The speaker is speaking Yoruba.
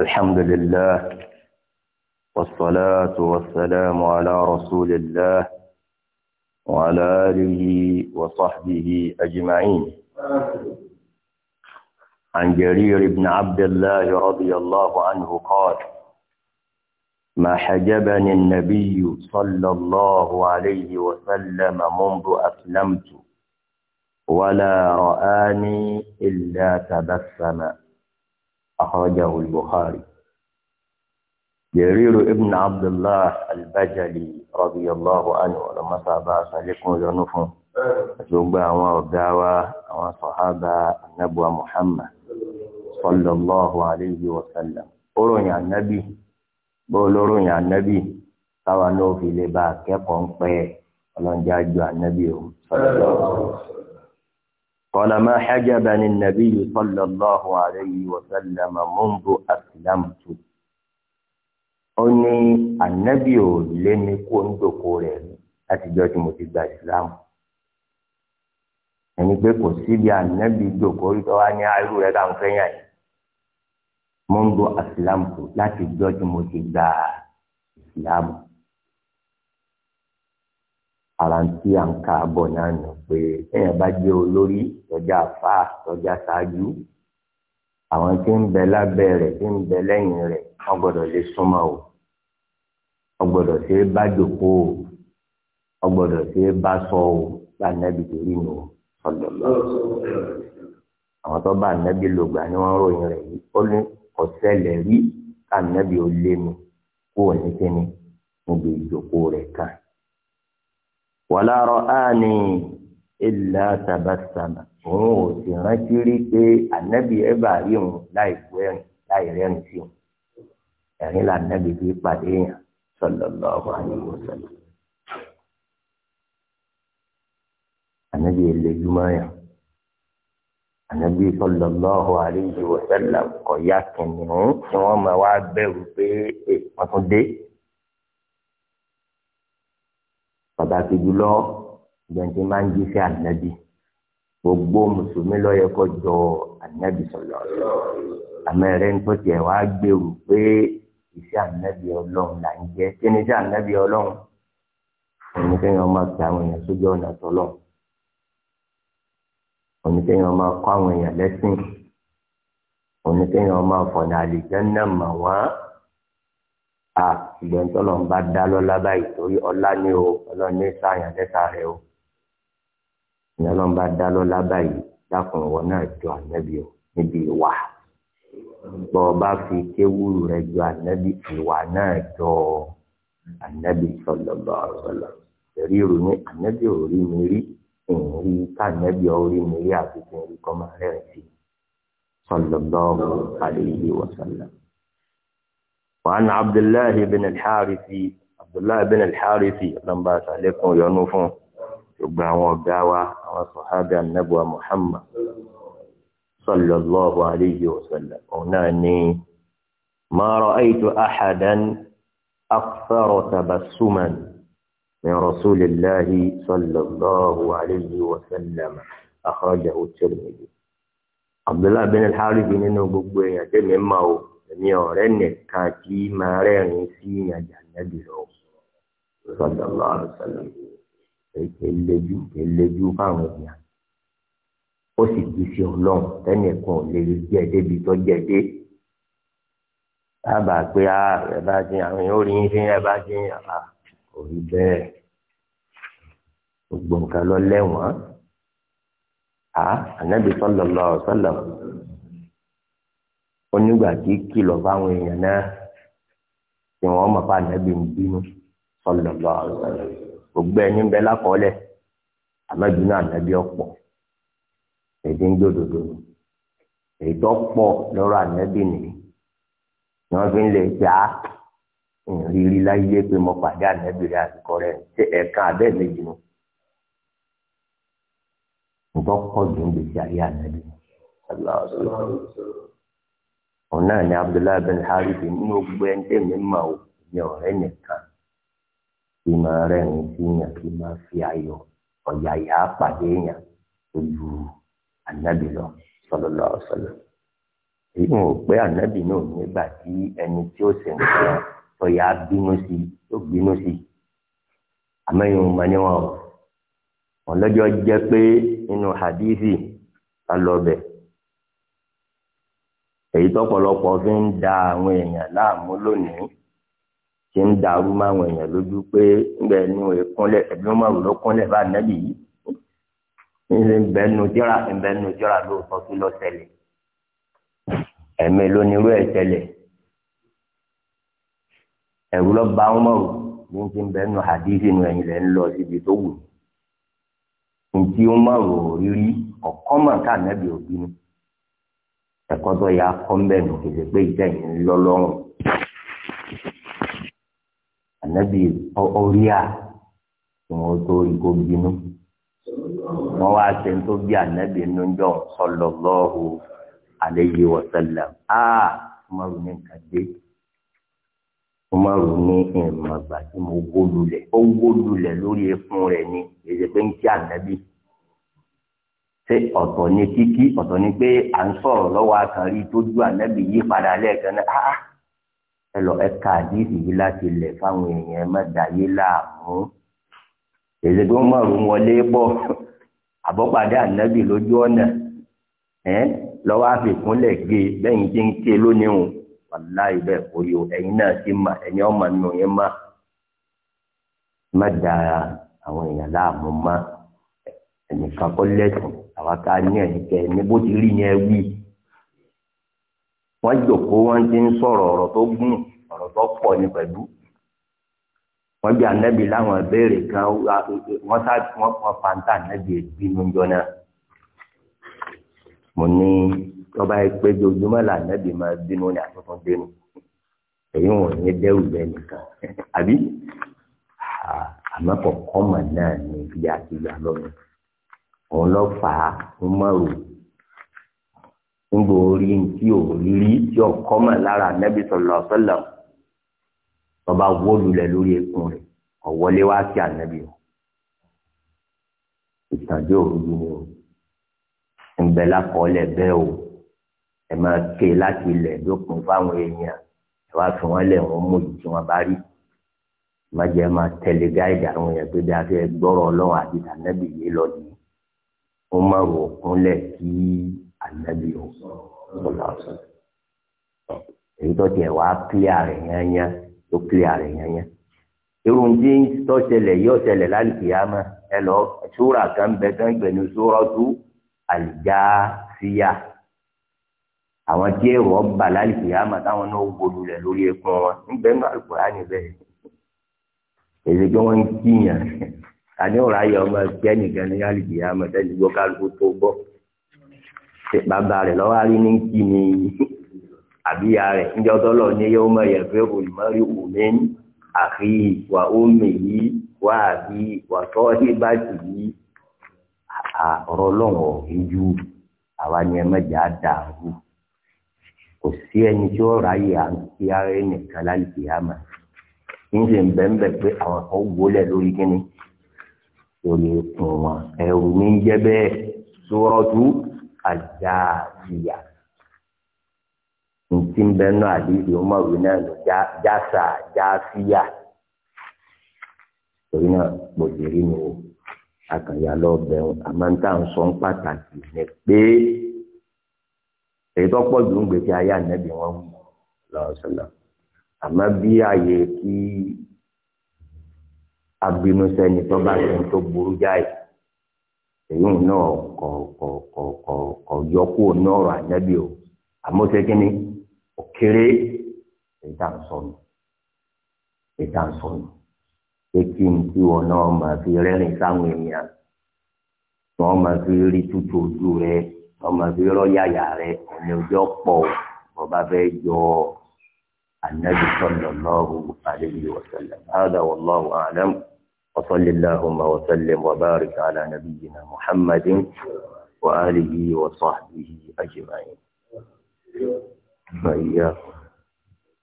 الحمد لله والصلاة والسلام على رسول الله وعلى آله وصحبه أجمعين عن جرير بن عبد الله رضي الله عنه قال ما حجبني النبي صلى الله عليه وسلم منذ أسلمت ولا رآني إلا تبسمًا أخرجه البخاري جرير ابن عبد الله البجلي رضي الله عنه لما سابع سالكم ذنوفهم أتوبى أوان الدعوة أوان النبوة محمد صلى الله عليه وسلم أرون يا النبي بقول أرون يا النبي طبعا نوفي لبا كيف أنقى ọlọ́njẹ́ àjọ ànábì o sọ̀rọ̀ قال ما حجبني النبي صلى الله عليه وسلم منذ أسلمت ó ní ànábì ò lé mi kó ń dòkó rẹ̀ rí látijọ́ tí mo ti gba ìsìláàmù ẹni pé kò síbi ànábì dòkó rí tó wá ní ah, irú rẹ̀ ká ń fẹ́yà yìí منذ أسلمت látijọ́ tí mo ti gba ìsìláàmù ara ń tí à ń ka bọ̀ náà nù pé èèyàn bá jẹ́ olórí tọ́jà àfa tọ́jà ṣáájú àwọn tí ń bẹ lábẹ́ rẹ̀ tí ń bẹ lẹ́yìn rẹ̀ wọ́n gbọ́dọ̀ lè súnmọ́ o wọ́n gbọ́dọ̀ ṣe é bá jòkó o wọ́n gbọ́dọ̀ ṣe é bá sọ o bá nẹ́bi torí nù ọ̀dọ̀ lọ. àwọn tó bá nẹ́bi lògbà ni wọ́n ròyìn rẹ̀ yìí ó ní ọ̀sẹ̀lẹ̀ rí ká nẹ́bi ó lé mi kó o ní kíni níbi ìjòkó rẹ̀ kan wàlá rọ áàní ìlà tàbátàmà òun ò sì rántí rí pé ànábì ẹ̀bà rí òun láì wẹ́rìn láì rẹ́rìn sí òun ẹ̀rín là ànábì fi pàdé èèyàn sallallahu alaihi wasallam. ànábì ẹlẹ́júmọ́ yẹn ànábì sallallahu alaihi wasallam kọ̀ yá kìnìún tí wọ́n máa wá bẹ̀rù pé wọ́n tún dé. pàtàkì jùlọ gbẹ̀ǹtì máa ń jí sí ànábì gbogbo mùsùlùmí ló yẹ kó jọ ànábì sọlọ àmẹ́rẹ́ ń tó tiẹ̀ wá gbèrú pé iṣẹ́ ànábì ọlọ́run là ń jẹ́ kí ni iṣẹ́ ànábì ọlọ́run òní kéèyàn máa fi àwọn èèyàn sójú ọ̀nà tọ́lọ̀ òní kéèyàn máa kọ́ àwọn èèyàn lẹ́sìn òní kéèyàn máa fọ̀nà àlìjẹ́ náà mà wá ìgbẹ́ni tọ́lọ̀ ń bá dá lọ́lá báyìí torí ọlá ni o ọlọ́run ní sáàyàn lẹ́ta rẹ o ìyẹn ọlọ́run bá dá lọ́lá báyìí dákun ìwọ náà jọ ànábì o níbi ìwà bọ́ ọ bá fi kéwúrú rẹ jọ ànábì ìwà náà jọ ànábì sallallahu alaihi wasallam tẹ̀rí ìrù ní ànábì òrí mi rí ìrìn ká ànábì òrí mi rí àti rí kọ́ rẹ̀ sí sallallahu alaihi wasallam. وعن عبد الله بن الحارث عبد الله بن الحارث لما عليكم ينوفون gbogbo àwọn ọ̀gá wa àwọn sọ̀hábẹ́ anábùwà Muhammad sallallahu alayhi wa sallam òun náà ni ma ra'aytu ahadan akthara tabassuman min rasulillahi sallallahu alayhi wa sallam akhrajahu Tirmidhi Abdullah bin al-Harith nínú gbogbo èèyàn tẹ́mi máa wò èmi ọ̀rẹ́ nìkan tí máa rẹ́rìn sí ìyànjà nẹ́bí lọ sọdọ̀lọ́ àrùsọ̀lọ́ eléjú eléjú fáwọn èèyàn ó sì kí sí ọlọ́run tẹ́nìkan ò lè jẹ́ débi tó jẹ́ dé dábà pé a ẹ bá ti àwọn èèyàn ó rí yín sí ẹ bá ti à kò rí bẹ́ẹ̀ gbogbo lọ lẹ́wọ̀n á ànábì sọlọ́lọ́ sọlọ́ ó nígbà tí kìlọ̀ fáwọn èèyàn náà tí wọ́n mọ̀ fún ànábì ń bínú sallallahu gbogbo ẹni ń bẹ lákọọ́lẹ̀ àmọ́bínú ànábì ọ̀pọ̀ èdè ń gbódòdó pọ̀ lọ́rọ̀ ànábì nìyí ni wọ́n fi ń lè ìrírí láyé pé mo pàdé ànábì àtìkọ́ òun náà ni abdullahi bin harith nínú gbogbo ẹni tẹ́ mi mà ó ní ọ̀rẹ́ nìkan kí máa rẹ́rìn sí yàn kí máa fi ayọ̀ ọ̀yàyà pàdé yàn lójú ànábì lọ sallallahu alaihi wasallam èyí wọn ò pé ànábì náà nígbà tí ẹni tí ó sì ń sọ ọ̀yà bínú sí ó bínú sí àmọ́ ìhun mọ níwọ̀n wọn lọ́jọ́ jẹ́ pé nínú hadithi alọ́bẹ̀ èyí tọ́pọ̀lọpọ̀ fi ń da àwọn èèyàn láàmú lónìí ti ń dàrú mọ́ àwọn èèyàn lójú pé ńgbẹ ní ìkúnlẹ̀ ẹbí wọn máa lọ kúnlẹ̀ bá nẹbí yìí ńbẹ nu jọra ńbẹ nu jọra lóòótọ́ kí lọ ṣẹlẹ̀ ẹmẹ lónírú ẹ ṣẹlẹ̀ ẹrú lọ bá wọn mọrù ní ti ńbẹ nu hadithi nu ẹ̀yìn rẹ ń lọ síbi tó wù ní ti wọn mọrù rírí ọkọ mọ ká nẹbí òbí ni ẹ̀kọ́ tó yà kọ́ńbẹ̀nù kìí pé ìtẹ̀yìn ńlọ́lọ́rùn ànábì orí à tí wọ́n tó rí kó bínú wọ́n wá ṣe tó bí ànábì nújọ́ sallallahu alayhi wa sallam á Umaru ní kàdé Umaru ní ìmọ̀gbà tí mo wó lulẹ̀ ó wó lulẹ̀ lórí ẹkún rẹ̀ ni èdè pé ń kí ànábì ṣé ọ̀tọ̀ ni kíkí ọ̀tọ̀ ni pé à ń sọ̀rọ̀ lọ́wọ́ akànrí tó ju ànábì yí padà lẹ́ẹ̀kan náà áá ah, ẹ lọ ẹ ka àdìsí yìí láti lẹ̀ fáwọn èèyàn mẹ́tàyé láàmú èdè tó mọ̀rún wọlé bọ̀ àbọ̀pàdé ànábì lójú ọ̀nà ẹ̀ lọ́wọ́ àfikúnlẹ̀ gé bẹ́yìn tí ń ké lónìí hùn wàláì bẹ́ẹ̀ kó ẹ̀yin náà ti mà ẹ̀yin ọmọ nù yín mà má àwọn èèyàn láàmú má ẹnìkan kọ́ lẹ́sìn àwọn ká ní ẹ̀yìn kẹ ní bó ti rí yẹn wí wọ́n jòkó wọ́n ti ń sọ̀rọ̀ ọ̀rọ̀ tó gùn ọ̀rọ̀ tó pọ̀ ní pẹ̀lú wọ́n bí anẹ́bí láwọn ìbéèrè kan wọ́n sá wọ́n pọn fanta anẹ́bí ìbínú jọ náà mo ní tọ́ba yìí pé ojoojúmọ́ là anẹ́bí máa bínú ní àtúntò dénú èyí wọn ní dẹ́rù bẹ́ẹ̀ nìkan àbí àmọ́ kọ̀ọ̀kan mà náà ní ibi àti ìgbà lọ́nà òun lọ fà á Umaru ńgbò orí tí ò rí tí ò kọ́mọ̀ lára nẹ́bí sọ̀lọ̀ sọ̀lọ̀ bàbá wó lulẹ̀ lórí ẹkùn rẹ̀ ọ̀wọ́lé wá sí ànẹ́bí o ìtàjẹ́ òrujú ni o ńbẹ lákọọ́lẹ̀ bẹ́ẹ̀ o ẹ máa ké láti ilẹ̀ dópin fáwọn èèyàn ẹ wá fi wọn lẹ̀ wọ́n mú ìdí tí wọ́n bá rí má jẹ́ máa tẹ̀lé gáìdì àwọn èèyàn tó dé afẹ́ gbọ́rọ̀ ọlọ́run àti tànẹ́bí yìí lọ́dún Umaru òkúnlẹ̀ kí ànábì òkúnlẹ̀ èyí tó tiẹ̀ wá kílíà rẹ̀ yányá tó kílíà rẹ̀ yányá irun tí ń tọ́sẹlẹ̀ yóò ṣẹlẹ̀ lálùkìyàmọ́ ẹ lọ ṣúra kan bẹ tán gbẹ̀nu ṣúrọ́tù àlìjáfíà àwọn tí èrò ọba lálùkìyàmọ́ táwọn náà gbòòlù rẹ̀ lórí ẹkùn wọn nígbẹ́ náà àlùkò rà níbẹ̀ èyí tó wọ́n ń kíyàn àní ọ̀rọ̀ ayé ọmọ ẹgbẹ́ nìkan ní àlìjì àmọ́ ẹ̀sẹ̀ gbọ́ kálukú tó gbọ́ bàbá rẹ̀ lọ́wọ́ rí ní kí ni àbíyá rẹ̀ níjọ́ tọ́lọ̀ ní yóò mọ̀ yẹ pé olùmọ́rí òmí àfi wà ómi yìí wà àbí wà tọ́ ibà tì yìí ọ̀rọ̀ ọlọ́wọ̀ ojú àwa ni ẹ mẹ́jà dàrú kò sí ẹni tí ó ráyè à ń kí ara ẹnìkan láì kìí àmà ń ṣe ń bẹ́ẹ̀ bẹ́ẹ̀ pé àwọn kan gbólẹ̀ lórí kínní lórí ikùn wọn ẹ̀rù ní jẹ́ bẹ́ẹ̀ sórọ́tù àjàfìyà ntí ń bẹ́ẹ̀ náà àdìsí ọmọ ìwé náà ló jásà jáfìyà torí náà gbòdìrí ni akànyà lọ́ọ̀bẹ̀ àmọ́ ń tà ń sọ ń pàtàkì ní pé èyí tó pọ̀ jù ń gbèsè ayé ànẹ́bí wọn wù lọ́sọ̀lọ́ àmọ́ bí ààyè kí abinusẹni tó bá sẹni tó burú jáì èyí náà kọ kọ kọ kọ kọ yọkú nọrọ ànábì o àmọsẹkẹni òkèrè ìdánsọnù ìdánsọnù etí ntí wọn náà máa fi rẹ́rìn sáwọn èèyàn wọn máa fi rí tútù ojú rẹ wọn máa fi rọ yàyà rẹ ọ̀nà ọjọ́ pọ̀ bọ́ba fẹ́ jọ ọ. النبي صلى الله عليه وسلم هذا والله أعلم وصل اللهم وسلم وبارك على نبينا محمد وآله وصحبه أجمعين وإياكم